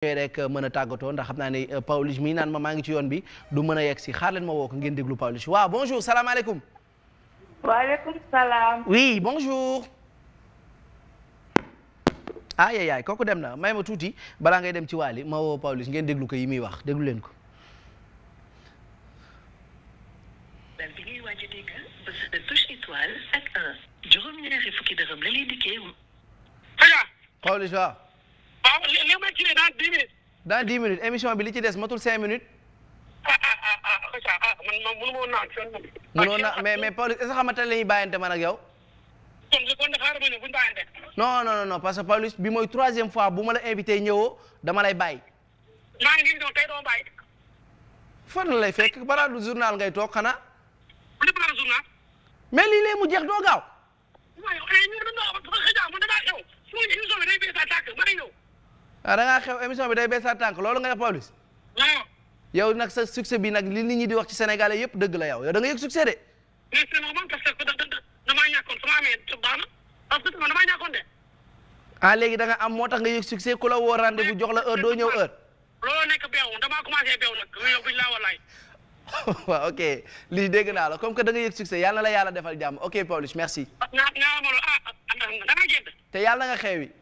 tey rek euh, mën a tàggatoo ndax xam naa ne euh, Pawlish mii naan ma maa ngi ci yoon bi du mën a yegg si xaar leen ma woo ko ngeen déglu Pawlish waaw bonjour salaamaaleykum. waaleykum salaam. bonjour. ayi yaay kooku dem na may ma tuuti balaa ngay dem ci waali ma woo Pawlish ngeen déglu ko yi muy wax déglu leen ko. Pawlish waaw. continuer dans dix minutes. bi li ci des matul cinq minutes. ah ah ah xëy ah, ah, ah, ah man man mënu mais mais Pawlish est-ce que xamante ne la ñuy bàyyante man ak yow. kon je compte xaaral ma ñëw bu ñu bàyyante. non non non parce que Pawlish bi mooy troisième fois bu ma la invité ñëwoo dama lay bàyyi. maa ngi nii tey doo bàyyi. fan lay fekk balaa du journal ngay toog xanaa. lu balaa journal. mais lii lay mu jeex doo waaw ah, da ngaa xew bi day bees sa tànk loolu nga wax Pawlish waaw yow nag sa succès bi nag li nit ñi di wax ci sénégalais yëpp dëgg la yow yow da nga yëg succès de a c'est normal parce ma amee baax na parce ah, léegi da am moo tax nga yëg succès ku la woo de vous jox la heure doo ñëw heure looloo nekk beew damaa commencé beew nag yow buñ laa walaay waaw ok lii dégg naa la comme que danga nga yëg succès yàlla na la yàlla defal jàmm ok Pawlish merci ah, te yàlla nga xeewi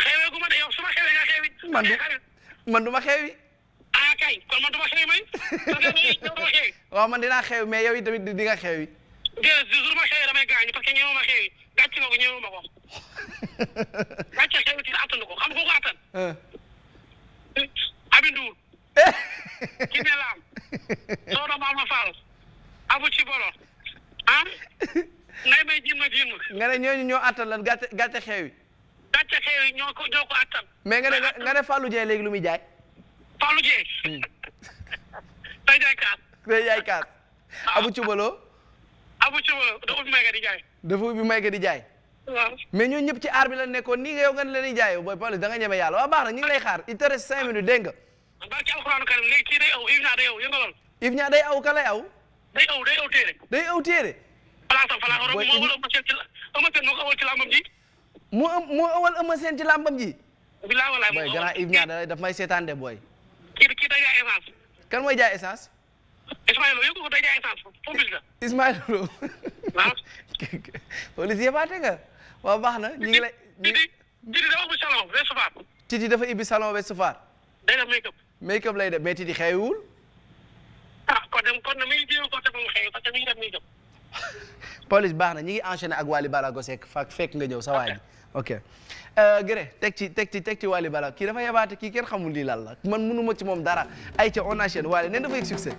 xewee gu ma de yow su ma xewee nga xewi. man du man du ma xewi. ah kay kon man du ma xewi man. waaw man dinaa xewi mais yow itamit di nga xewi. déedéet toujours ma xewi damay gaañu parce que ñëwuma ma xewi gàcce nga ko ñëwuma ko. gàcce xewi ci attan ko xam ko ko attan. Euh. Abindour. ki ne laam. soo doon maam ma faal. abu ci bolo. ah. nay may jiin ma jiin ma. nga ne ñooñu ñoo attan lan gàcce gàcce xewi. yooyu ñoo ko ñoo ko attan. mais nga ne nga ne Fallou Dieng léegi muy jaay. Fallou Dieng. Hmm. day jaay kaas. day jaay kaas. Ah. Abu Cubalo. Abu Cubalo dafa ubbi may ga di jaay. dafa ubbi may jaay. waaw mais ñooñu ñëpp ci ar bi la nekkoon nii nga yow nga ne leen i jaay booy Pawlish da nga ñeme yàlla waaw baax na ñu ngi lay xaar il te reste cinq minutes dégg nga. barke alxuraanu karim day aw Ibna day aw yëngaloon. Ibna day aw ka lay aw. day aw day day aw téere. moo am moo awal Eumeu Sène ci làmbam ji. bilaa walaay booy grand Yves Niang daf may seetaan de booy. kii kii day jaay essence. kan mooy jaay essence. Ismaël Lo yëngu ko day jaay essence ah. baax na ñu ngi lay. Titi Titi dafa ubbi salon Ouest Foire. Titi dafa ubbi salon Ouest Foire. make up. lay de mais Titi xeewul. Ah, a ko police baax na ñi ngi enchaîné ak Wally Balago Seck fak fekk nga ñëw sa waa ji ok euh, gëré teg ci teg ci teg ci kii dafa yabaate kii kenn xamul lii lan la man mënuma ci moom dara ay ca on enchaîne Wally neen dafa yëg succès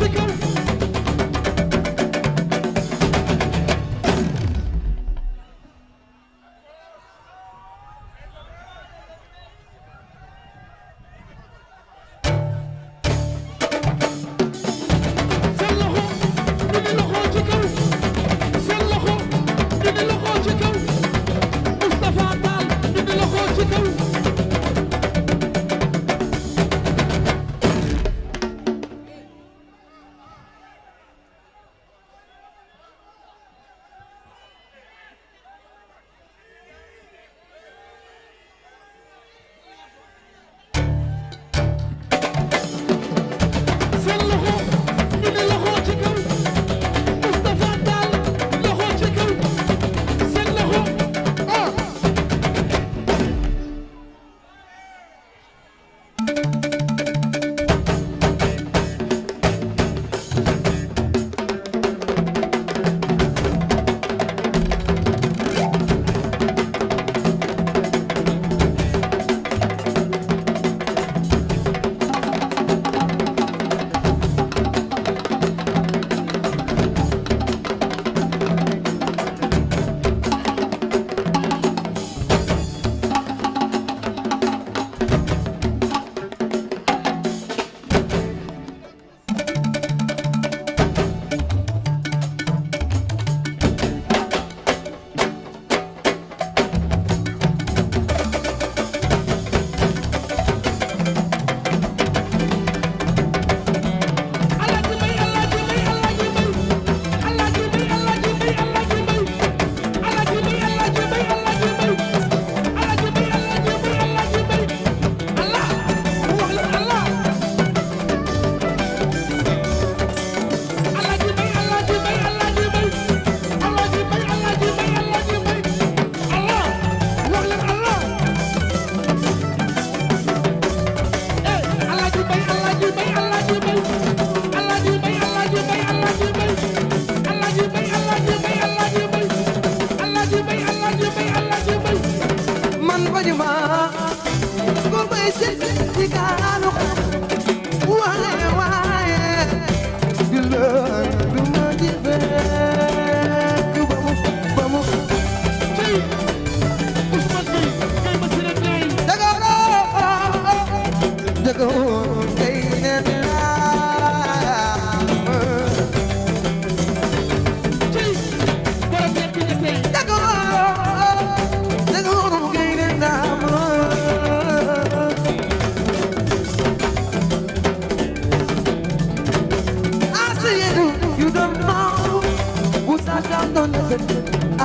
Magical